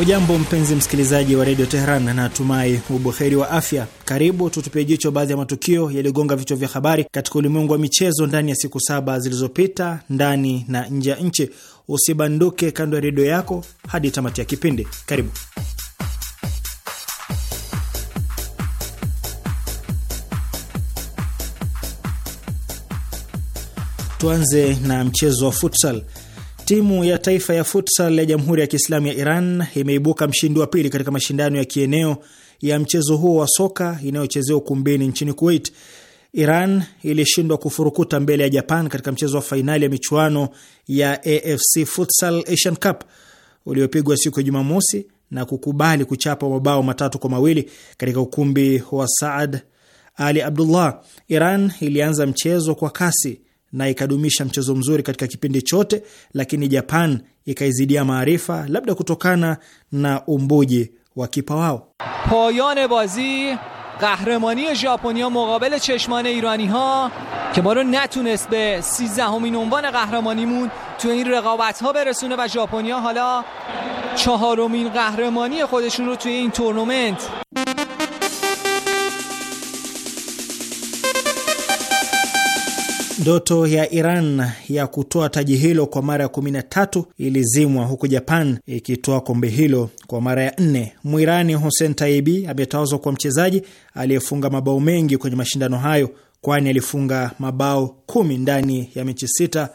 Ujambo mpenzi msikilizaji wa redio Teheran, na tumai ubuheri wa afya. Karibu tutupie jicho baadhi ya matukio yaliyogonga vichwa vya habari katika ulimwengu wa michezo ndani ya siku saba zilizopita, ndani na nje ya nchi. Usibanduke kando ya redio yako hadi tamati ya kipindi. Karibu. Tuanze na mchezo wa futsal. Timu ya taifa ya futsal ya Jamhuri ya Kiislamu ya Iran imeibuka mshindi wa pili katika mashindano ya kieneo ya mchezo huo wa soka inayochezea ukumbini nchini Kuwait. Iran ilishindwa kufurukuta mbele ya Japan katika mchezo wa fainali ya michuano ya AFC Futsal Asian Cup uliopigwa siku ya Jumamosi na kukubali kuchapa mabao matatu kwa mawili katika ukumbi wa Saad Ali Abdullah. Iran ilianza mchezo kwa kasi نه ای هم چه زمزوری که که چوت، پندی چوته لیکن یه جاپن ای که ازیدی و پایان بازی قهرمانی جاپنی ها مقابل چشمان ایرانی ها که مارو نتونست به سیزه همین امبان قهرمانی مون تو این رقابت ها برسونه و جاپنی حالا حالا چهارمین قهرمانی خودشون رو توی این تورنمنت. Ndoto ya Iran ya kutoa taji hilo kwa mara ya tatu ilizimwa huku Japan ikitoa kombe hilo kwa mara ya nne. Mwirani Hussein Taibi ametawazwa kwa mchezaji aliyefunga mabao mengi kwenye mashindano hayo, kwani alifunga mabao kumi ndani ya mechi sita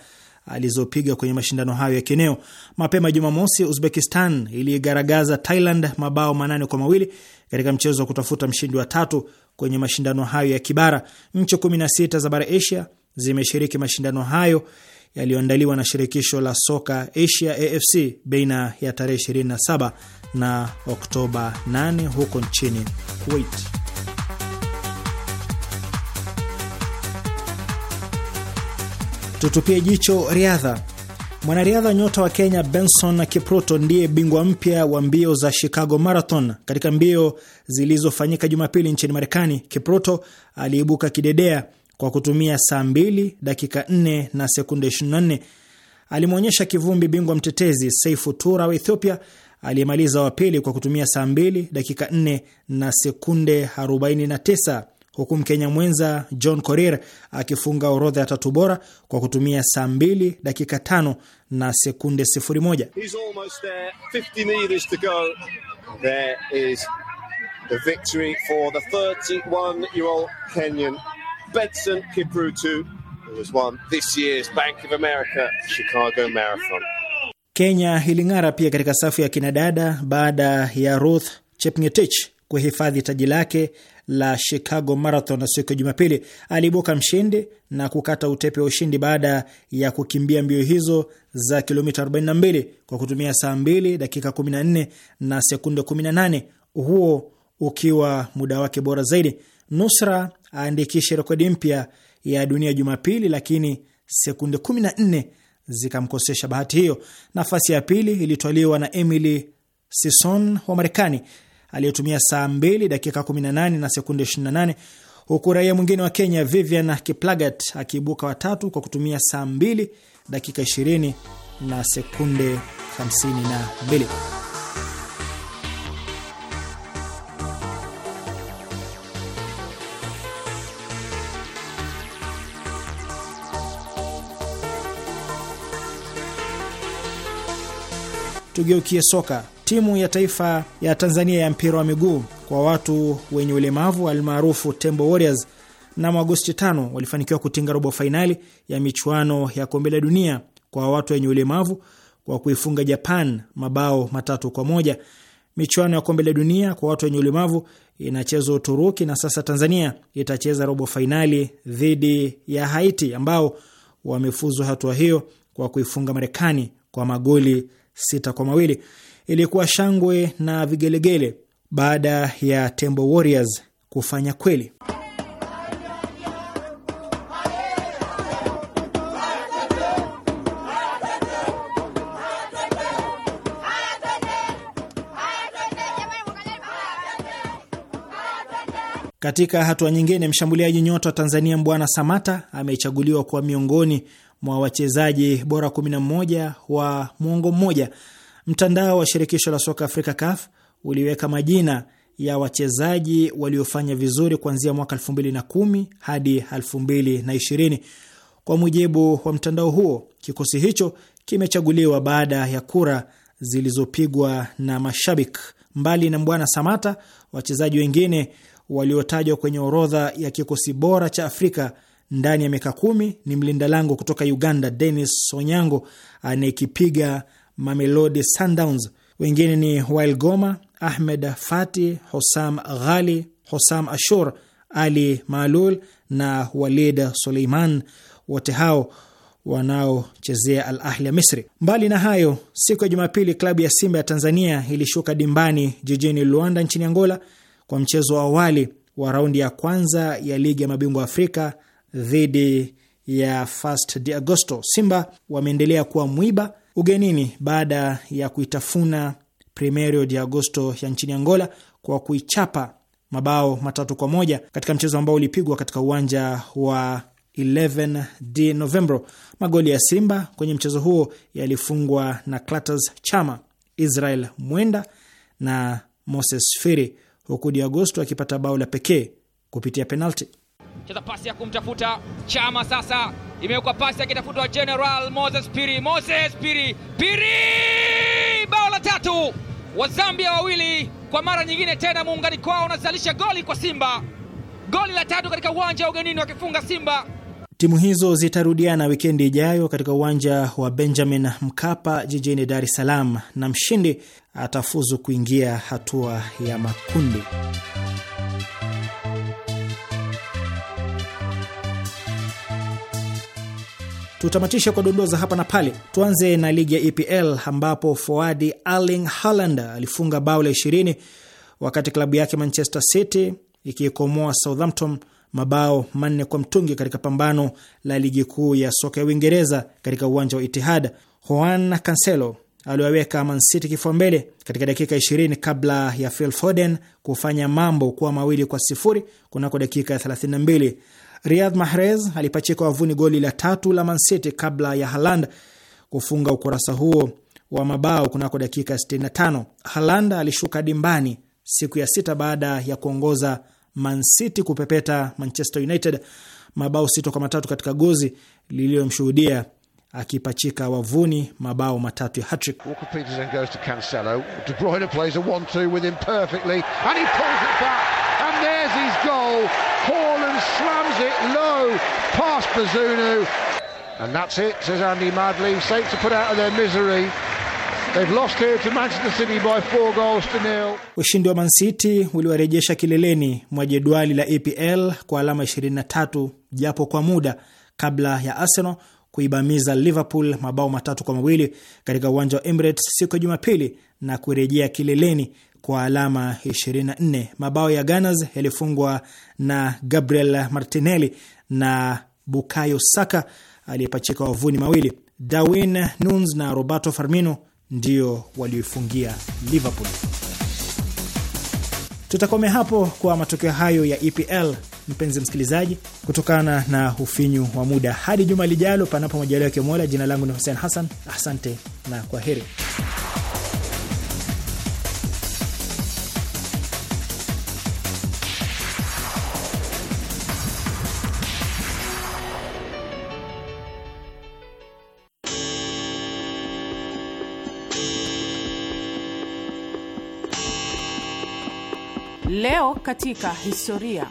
alizopiga kwenye mashindano hayo ya kieneo. Mapema Jumamosi, Uzbekistan iliigaragaza Thailand mabao manane kwa mawili katika mchezo wa kutafuta mshindi wa tatu kwenye mashindano hayo ya kibara. Nchi sita za bara Asia zimeshiriki mashindano hayo yaliyoandaliwa na shirikisho la soka Asia AFC baina ya tarehe 27 na Oktoba 8 huko nchini Kuwait. Tutupie jicho riadha. Mwanariadha nyota wa Kenya Benson Kipruto ndiye bingwa mpya wa mbio za Chicago Marathon. Katika mbio zilizofanyika Jumapili nchini Marekani, Kipruto aliibuka kidedea kwa kutumia saa 2 dakika 4 na sekunde 24 alimwonyesha kivumbi bingwa mtetezi Saifu Tura wa Ethiopia aliyemaliza wa pili kwa kutumia saa 2 dakika 4 na sekunde 49 huku Mkenya mwenza John Korir akifunga orodha ya tatu bora kwa kutumia saa 2 dakika 5 na sekunde 01. the victory for the 31-year-old Kenyan Benson Kiprutu, who has won this year's Bank of America Chicago Marathon. Kenya iling'ara pia katika safu ya kinadada baada ya Ruth Chepngetich kuhifadhi taji lake la Chicago Marathon na siku ya Jumapili aliibuka mshindi na kukata utepe wa ushindi baada ya kukimbia mbio hizo za kilomita 42 kwa kutumia saa 2 dakika 14 na sekunde 18, huo ukiwa muda wake bora zaidi. Nusra aandikishe rekodi mpya ya dunia Jumapili, lakini sekunde 14 zikamkosesha bahati hiyo. Nafasi ya pili ilitwaliwa na Emily Sison wa Marekani aliyetumia saa 2 dakika 18 na sekunde 28 huku raia mwingine wa Kenya Vivian Kiplagat akiibuka watatu kwa kutumia saa 2 dakika 20 na sekunde 52. tugeukie soka. Timu ya taifa ya Tanzania ya mpira wa miguu kwa watu wenye ulemavu almaarufu Tembo Warriors mnamo Agosti 5 walifanikiwa kutinga robo fainali ya michuano ya kombe la dunia kwa watu wenye ulemavu kwa kuifunga Japan mabao matatu kwa moja. Michuano ya kombe la dunia kwa watu wenye ulemavu inachezwa Uturuki na sasa Tanzania itacheza robo fainali dhidi ya Haiti ambao wamefuzwa hatua hiyo kwa kuifunga Marekani kwa magoli sita kwa mawili. Ilikuwa shangwe na vigelegele baada ya Tembo Warriors kufanya kweli. Katika hatua nyingine, mshambuliaji nyota wa Tanzania Mbwana Samata amechaguliwa kuwa miongoni mwa wachezaji bora 11 wa mwongo mmoja. Mtandao wa shirikisho la soka Afrika CAF uliweka majina ya wachezaji waliofanya vizuri kuanzia mwaka 2010 hadi 2020. Kwa mujibu wa mtandao huo, kikosi hicho kimechaguliwa baada ya kura zilizopigwa na mashabiki. Mbali na Mbwana Samata, wachezaji wengine waliotajwa kwenye orodha ya kikosi bora cha Afrika ndani ya miaka kumi ni mlinda lango kutoka Uganda, Dennis Onyango anayekipiga Mamelodi Sundowns. Wengine ni Wail Goma, Ahmed Fati, Hosam Ghali, Hosam Ashur, Ali Maalul na Walid Suleiman, wote hao wanaochezea Al Ahli ya Misri. Mbali na hayo, siku ya Jumapili klabu ya Simba ya Tanzania ilishuka dimbani jijini Luanda nchini Angola kwa mchezo wa awali wa raundi ya kwanza ya ligi ya mabingwa Afrika dhidi ya First de Agosto. Simba wameendelea kuwa mwiba ugenini baada ya kuitafuna Primeiro de Agosto ya nchini Angola kwa kuichapa mabao matatu kwa moja katika mchezo ambao ulipigwa katika uwanja wa 11 de Novembro. Magoli ya Simba kwenye mchezo huo yalifungwa na Clatous Chama, Israel Mwenda na Moses Firi, huku de Agosto akipata bao la pekee kupitia penalti cheza pasi ya kumtafuta Chama. Sasa imewekwa pasi akitafutwa General Moses Piri, Moses Piri, Piri! Bao la tatu, Wazambia wawili kwa mara nyingine tena muungani kwao unazalisha goli kwa Simba, goli la tatu katika uwanja wa ugenini wakifunga Simba. Timu hizo zitarudiana wikendi ijayo katika uwanja wa Benjamin Mkapa jijini Dar es Salaam, na mshindi atafuzu kuingia hatua ya makundi. Tutamatisha kwa za hapa na pale. Tuanze na ligi ya EPL ambapo foadi Erling Haaland alifunga bao la 20 wakati klabu yake Manchester City ikiikomoa Southampton mabao manne kwa mtungi katika pambano la ligi kuu ya soka ya Uingereza katika uwanja wa Itihad. Juan Cancelo aliwaweka Man City kifua mbele katika dakika 20 kabla ya Phil Foden kufanya mambo kuwa mawili kwa sifuri kunako dakika ya 32. Riyad Mahrez alipachika wavuni goli la tatu la Mancity kabla ya Haland kufunga ukurasa huo wa mabao kunako dakika 65. Haland alishuka dimbani siku ya sita baada ya kuongoza Mancity kupepeta Manchester United mabao sita kwa matatu katika gozi liliyomshuhudia akipachika wavuni mabao matatu ya hatrick and slams it low past Bazunu. And that's it, says Andy Madley. Saints are put out of their misery. They've lost here to Manchester City by four goals to nil. Ushindi wa Man City uliwarejesha kileleni mwa jedwali la EPL kwa alama 23 japo kwa muda kabla ya Arsenal kuibamiza Liverpool mabao matatu kwa mawili katika uwanja wa Emirates siku ya Jumapili na kurejea kileleni kwa alama 24. Mabao ya Gunners yalifungwa na Gabriel Martinelli na Bukayo Saka aliyepachika wavuni mawili. Darwin Nunes na Roberto Firmino ndio walioifungia Liverpool. Tutakomea hapo kwa matokeo hayo ya EPL, mpenzi msikilizaji, kutokana na ufinyu wa muda. Hadi juma lijalo, panapo majaliwa ya Mola. Jina langu ni Hussein Hassan, asante na kwa heri. Leo katika historia.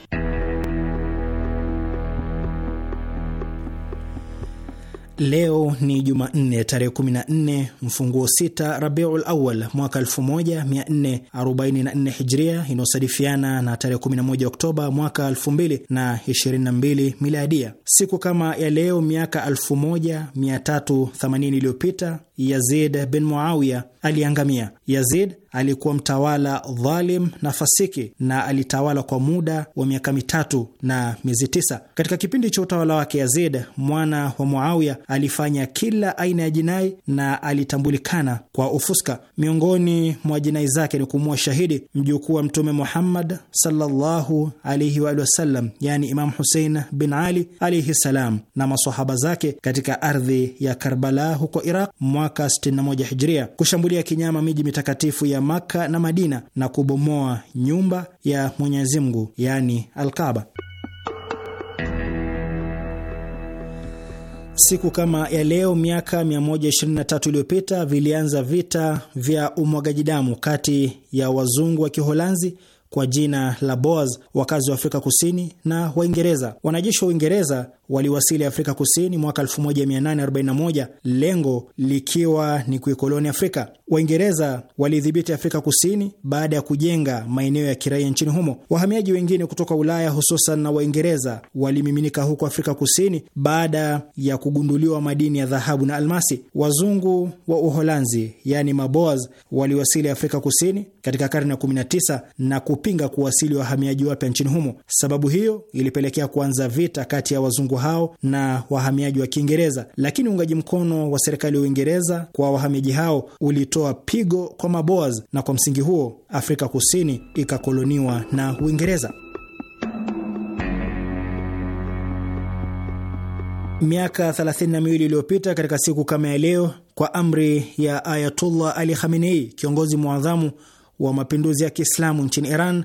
Leo ni Jumanne tarehe 14 mfunguo sita Rabiul Awal mwaka 1444 Hijria, inayosadifiana na tarehe 11 Oktoba mwaka 2022 Miladia. Siku kama ya leo miaka 1380 iliyopita Yazid bin Muawiya aliangamia. Yazid alikuwa mtawala dhalim na fasiki na alitawala kwa muda wa miaka mitatu na miezi tisa. Katika kipindi cha utawala wake, Yazid mwana wa Muawiya alifanya kila aina ya jinai na alitambulikana kwa ufuska. Miongoni mwa jinai zake ni kumua shahidi mjukuu wa Mtume Muhammad sallallahu alaihi wa wasallam, yani Imam Husein bin Ali alaihi salam na masahaba zake katika ardhi ya Karbala huko Iraq mwaka 61 Hijria, kushambulia kinyama miji mitakatifu ya Maka na Madina na kubomoa nyumba ya Mwenyezi Mungu, yaani Alkaba. Siku kama ya leo miaka 123 iliyopita vilianza vita vya umwagaji damu kati ya wazungu wa Kiholanzi kwa jina la Boers, wakazi wa Afrika Kusini, na Waingereza. Wanajeshi wa Uingereza waliwasili Afrika Kusini mwaka 1841 lengo likiwa ni kuikoloni Afrika. Waingereza walidhibiti Afrika Kusini baada ya kujenga maeneo ya kiraia nchini humo. Wahamiaji wengine kutoka Ulaya, hususan na Waingereza, walimiminika huko Afrika Kusini baada ya kugunduliwa madini ya dhahabu na almasi. Wazungu wa Uholanzi, yani Maboas, waliwasili Afrika Kusini katika karne ya 19 na kupinga kuwasili wahamiaji wapya nchini humo. Sababu hiyo ilipelekea kuanza vita kati ya wazungu wazungu hao na wahamiaji wa Kiingereza, lakini uungaji mkono wa serikali ya Uingereza kwa wahamiaji hao ulitoa pigo kwa maboas, na kwa msingi huo Afrika Kusini ikakoloniwa na Uingereza. Miaka 32 iliyopita katika siku kama ya leo, kwa amri ya Ayatullah Ali Khamenei, kiongozi mwadhamu wa mapinduzi ya Kiislamu nchini Iran,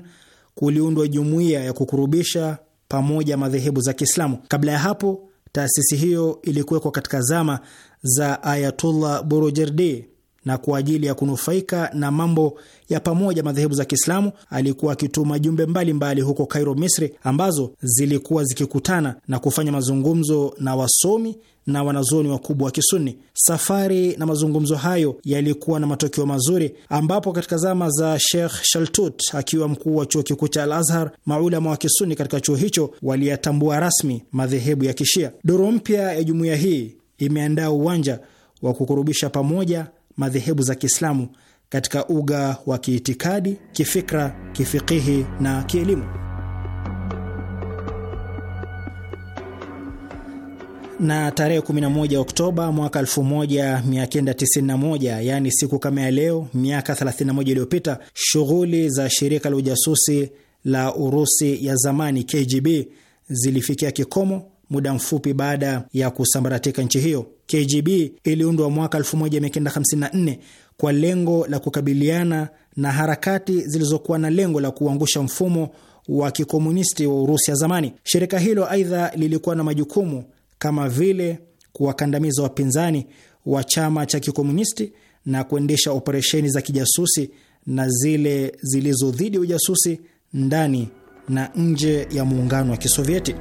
kuliundwa jumuiya ya kukurubisha pamoja madhehebu za Kiislamu. Kabla ya hapo, taasisi hiyo ilikuwekwa katika zama za Ayatullah Burujerdi na kwa ajili ya kunufaika na mambo ya pamoja madhehebu za Kiislamu, alikuwa akituma jumbe mbalimbali huko Kairo, Misri, ambazo zilikuwa zikikutana na kufanya mazungumzo na wasomi na wanazuoni wakubwa wa Kisuni. Safari na mazungumzo hayo yalikuwa na matokeo mazuri, ambapo katika zama za Sheikh Shaltut akiwa mkuu wa chuo kikuu cha Al Azhar, maulama wa Kisuni katika chuo hicho waliyatambua rasmi madhehebu ya Kishia. Doro mpya ya jumuiya hii imeandaa uwanja wa kukurubisha pamoja madhehebu za Kiislamu katika uga wa kiitikadi, kifikra, kifikihi na kielimu. Na tarehe 11 Oktoba mwaka 1991, yaani siku kama ya leo miaka 31 iliyopita, shughuli za shirika la ujasusi la Urusi ya zamani KGB zilifikia kikomo muda mfupi baada ya kusambaratika nchi hiyo. KGB iliundwa mwaka 1954 kwa lengo la kukabiliana na harakati zilizokuwa na lengo la kuangusha mfumo wa kikomunisti wa Urusi ya zamani. Shirika hilo aidha lilikuwa na majukumu kama vile kuwakandamiza wapinzani wa chama cha kikomunisti na kuendesha operesheni za kijasusi na zile zilizo dhidi ya ujasusi ndani na nje ya muungano wa Kisovieti.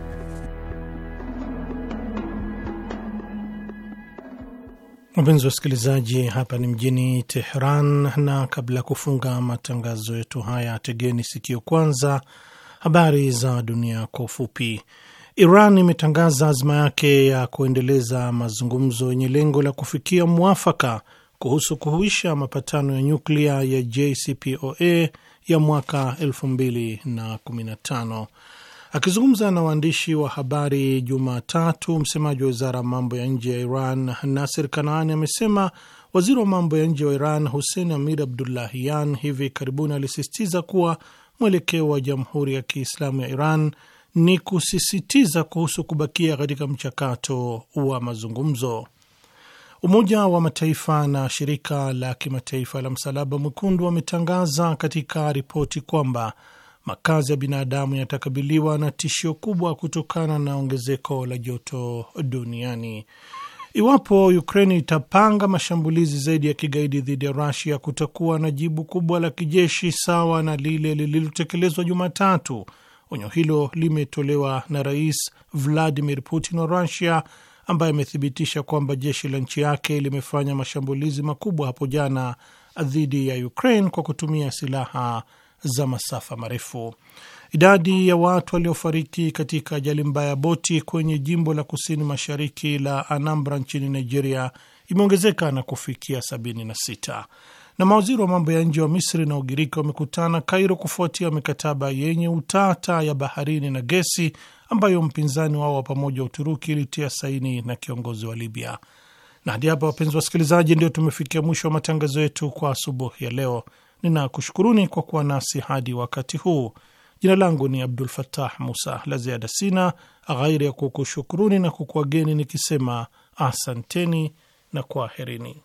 Wapenzi wasikilizaji, hapa ni mjini Teheran, na kabla ya kufunga matangazo yetu haya, tegeni sikio kwanza habari za dunia kwa ufupi. Iran imetangaza azma yake ya kuendeleza mazungumzo yenye lengo la kufikia mwafaka kuhusu kuhuisha mapatano ya nyuklia ya JCPOA ya mwaka 2015. Akizungumza na waandishi wa habari Jumatatu, msemaji wa wizara ya mambo ya nje ya Iran Nasir Kanaani amesema waziri wa mambo ya nje wa Iran Hussein Amir Abdullahian hivi karibuni alisisitiza kuwa mwelekeo wa Jamhuri ya Kiislamu ya Iran ni kusisitiza kuhusu kubakia katika mchakato wa mazungumzo. Umoja wa Mataifa na shirika la kimataifa la Msalaba Mwekundu wametangaza katika ripoti kwamba makazi ya binadamu yatakabiliwa na tishio kubwa kutokana na ongezeko la joto duniani. Iwapo ukrain itapanga mashambulizi zaidi ya kigaidi dhidi ya Rusia, kutakuwa na jibu kubwa la kijeshi sawa na lile lililotekelezwa Jumatatu. Onyo hilo limetolewa na Rais Vladimir Putin wa Rusia, ambaye amethibitisha kwamba jeshi la nchi yake limefanya mashambulizi makubwa hapo jana dhidi ya Ukraine kwa kutumia silaha za masafa marefu. Idadi ya watu waliofariki katika ajali mbaya ya boti kwenye jimbo la kusini mashariki la Anambra nchini Nigeria imeongezeka na kufikia 76 na mawaziri wa mambo ya nje wa Misri na Ugiriki wamekutana Kairo kufuatia mikataba yenye utata ya baharini na gesi ambayo mpinzani wao wa pamoja Uturuki ilitia saini na kiongozi wa Libya. Na hadi hapa, wapenzi wasikilizaji, ndio tumefikia mwisho wa matangazo yetu kwa asubuhi ya leo. Ninakushukuruni kwa kuwa nasi hadi wakati huu. Jina langu ni Abdul Fattah Musa. La ziada sina ghairi ya kukushukuruni na kukuageni nikisema asanteni na kwaherini.